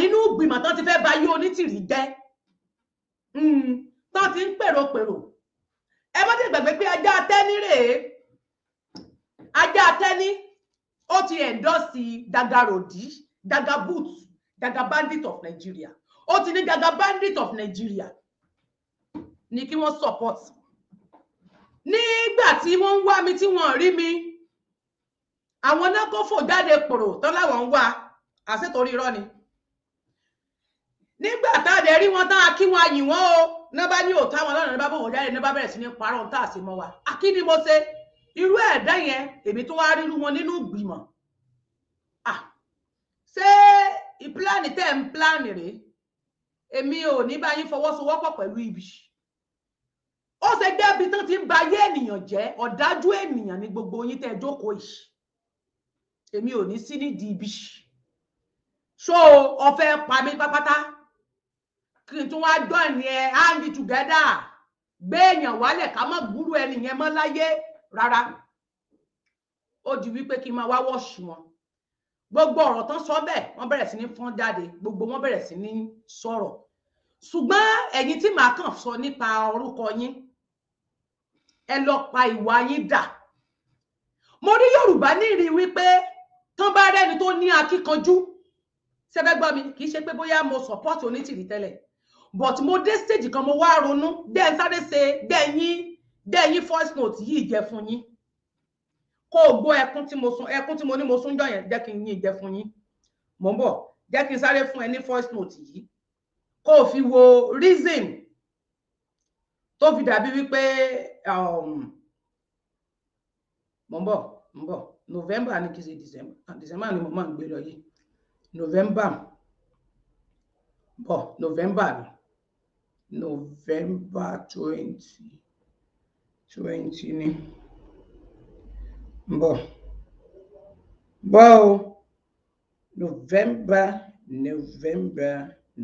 nínú ìgbìmọ̀ tán ti fẹ́ ba yí onítìrì jẹ́ hmm, tán ti ń pèròpèrò ẹ mọ́ ti gbàgbé pé ajá tẹ́ni rèé ajá tẹ́ni ó ti ẹ̀ńdọ́sì dagarodi dagaboot dagabandit of Nigeria ó ti ní dagabandit of Nigeria ní kí wọ́n support nígbà tí wọ́n ń wá mi tí wọ́n rí mi àwọn náà kò fò jáde pòrò tán láwọn ń wá àṣetorí irọ́ ni nígbà tá a dẹ̀ rí wọn tán a kí wọn ayì wọn o ní bá ní òótọ́ àwọn ọlọ́run ní bá bọ̀ wọ́n jáde ní bá bẹ̀rẹ̀ sí ní parọ́ ohun tá a sì mọ̀ wá akíní mo ṣe irú ẹ̀dá yẹn èmi tó wá rírú wọn nínú ìgbìmọ̀ ṣé ìpílánì tẹ́ ń pílánì rèé èmi ò ní bá yín fọwọ́sowọ́pọ̀ pẹ̀lú ibi ó ṣe débi tó ti ń ba ayé ènìyàn jẹ́ ọ̀dájú ènìyàn ni gbogbo yín tẹ́ jókòó yìí èmi ò ní sí nídìí ibi ṣó o pa mí pátápátá kí n tún wá join yẹn hand together gbé èèyàn wálẹ̀ ká má gbúrú ẹni yẹn mọ́ láyé rárá ó di wípé kí n máa wá wọ́ọ̀ṣù wọn gbogbo ọ̀rọ̀ tán sọ bẹ́ẹ̀ wọ́n bẹ̀rẹ̀ sí ní fọ́n jáde gbogbo wọn bẹ̀rẹ̀ sí ní sọ̀rọ̀ ṣùgbọ́n ẹ̀yin tí màá kàn sọ nípa orúkọ yín ẹ lọ pa ìwà yín dà mo rí yorùbá nírí wípé tán bá rẹ́ni tó ní akíkanjú ṣẹfẹ́ gbọ́ mi kì í ṣe pé bóyá mo support onítìrí tẹ́lẹ̀ but mo dé stage kan mo wá ronú dẹ́n sáré ṣe dẹ́yìn dẹ́yìn voice note yìí jẹ́ fún yín kó o gbọ́ ẹkún tí mo sun ẹkún tí mo ní mo sun jọ yẹn jẹ́ kí n yín jẹ́ fún mo ń bọ̀ jẹ́ kí n sáré fún note yìí kó o fi wo reason tó fi dàbí wípé um, mo ń bọ̀ mo ń november ni kì í december ah, december ni mo máa ń gbé lọ yìí november bọ̀ november ni. November 2020 ni. Bọ̀ bọ́ o November November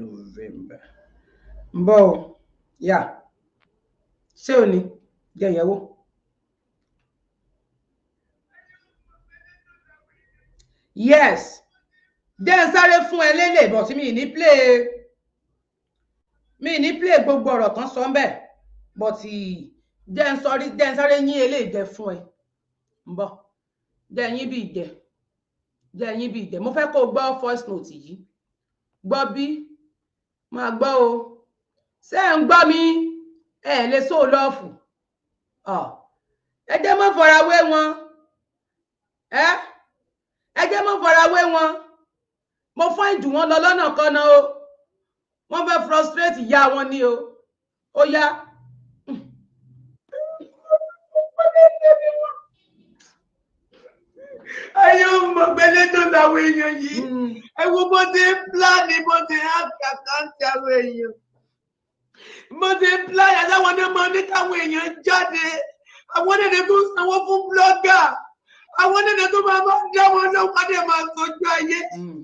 November bọ́ o yà ṣé o ní jẹ́ ìyẹ̀wò. Yes, jẹ́ ń sáré fún ẹ lélẹ̀ bọ̀ tí mi ní play mi ní play gbogbo ọ̀rọ̀ tán sọ ńbẹ̀ but jẹ́ ń sọrí jẹ́ ń sáré yín eléyìí jẹ fún ẹ ń bọ̀ jẹ́ yín bí ìjẹ jẹ́ yín bí ìjẹ mo fẹ́ kó o gbọ́ first note yìí gbọ́ bí máa gbọ́ o ṣé ń gbọ́ mi ẹ lè sóò lọ́ọ̀fù ẹ jẹ́ mọ́ fara wé wọn ẹ jẹ́ mọ́ fara wé wọn mo fọ́ ìjù wọn lọ lọ́nà kan náà o wọ́n fẹ́ frustrate ìyá wọn ni o ó yá. ayé ọmọgbẹ́lẹ́ tó làwọn èèyàn yìí hmm. ẹ wo bó ti ń pláàni bó ti ń àkàtàǹtì àwọn èèyàn bó ti ń pláàni àtàwọn ọdẹ máa ní káwọn èèyàn jáde àwọn ọdẹ tó sanwó fún blọ́gà àwọn nínú tó máa bá dá wọn lọ́wọ́ adé máa sojú ayé. Hmm.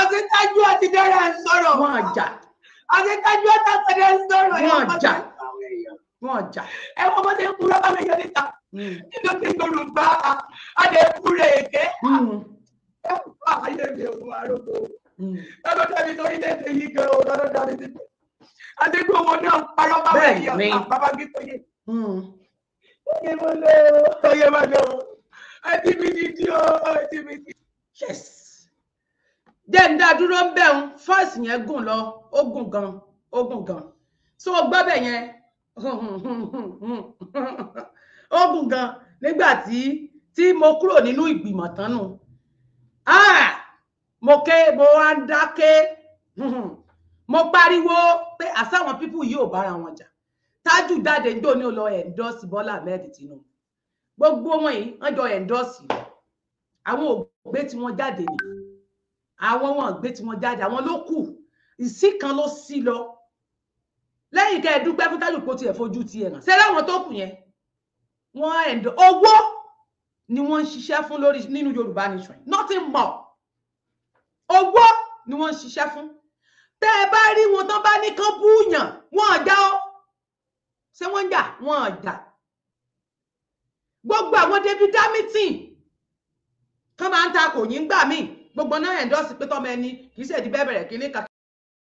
àti tájú àti dára ń sọ̀rọ̀. wọn àjà ọ̀sẹ̀dájú ọ̀tá sọ̀rọ̀ sọ̀rọ̀ yẹn wọ́n jà wọ́n jà. ẹ wọ́n bọ́ sẹ́yìn kúrò bá mi yọ níta nínú ti yorùbá adé kúrè èké hmm. ẹ fún àyè mi hmm. òun àròkọ lọ́dọ̀ dábì lórí lẹ́sẹ̀ yìí gan o lọ́dọ̀ dábì síbẹ̀ adigun ọmọ náà parọ́ bá mi yọ bàbá mi tó yẹ. oyè mo lọ oyè mo lọ ẹ ti mi ti di o ẹ ti mi ti. yes jẹ́ ń dá dúró ń bẹ̀rùn fọ́ọ̀sì yẹn gùn lọ ó gùn gan ó gùn gan so gbọ́ bẹ̀ yẹn ó gùn gan nígbà tí tí mo kúrò nínú ìgbìmọ̀ tán nù ah! mo ké mo wá ń dákẹ́ mo pariwo pé àsáwọn pípù yìí ò bára wọn jà tájù dáde ń dòní lọ ẹ̀ńdọ́sì Bọ́lá Ahmed Tinubu gbogbo wọn yìí wọ́n jọ ẹ̀ńdọ́sì àwọn ògbé tí wọ́n jáde nìyí àwọn wọn gbé tiwọn jáde àwọn ló kù ìsí kan ló sí lọ lẹ́yìn kẹ́ ẹ dúpẹ́ fún kálukú tiẹ̀ fojú tiẹ̀ hàn ṣẹlẹ̀ àwọn tó kù yẹn wọn ẹ̀dọ̀ owó ni wọ́n ń ṣiṣẹ́ fún lórí nínú Yorùbá nation nothing more owó ni wọ́n ń ṣiṣẹ́ fún tẹ́ ẹ bá rí wọn tán bá ní kán búùyàn wọn ò já ọ ṣé wọ́n ń jà wọn ò jà gbogbo àwọn David Hamilton kán máa ń ta kò yín gbà míì gbogbo náà endorse pé tọ́mọ ẹni kì í ṣèdí bẹ́ẹ̀ bẹ̀rẹ̀ kínní kan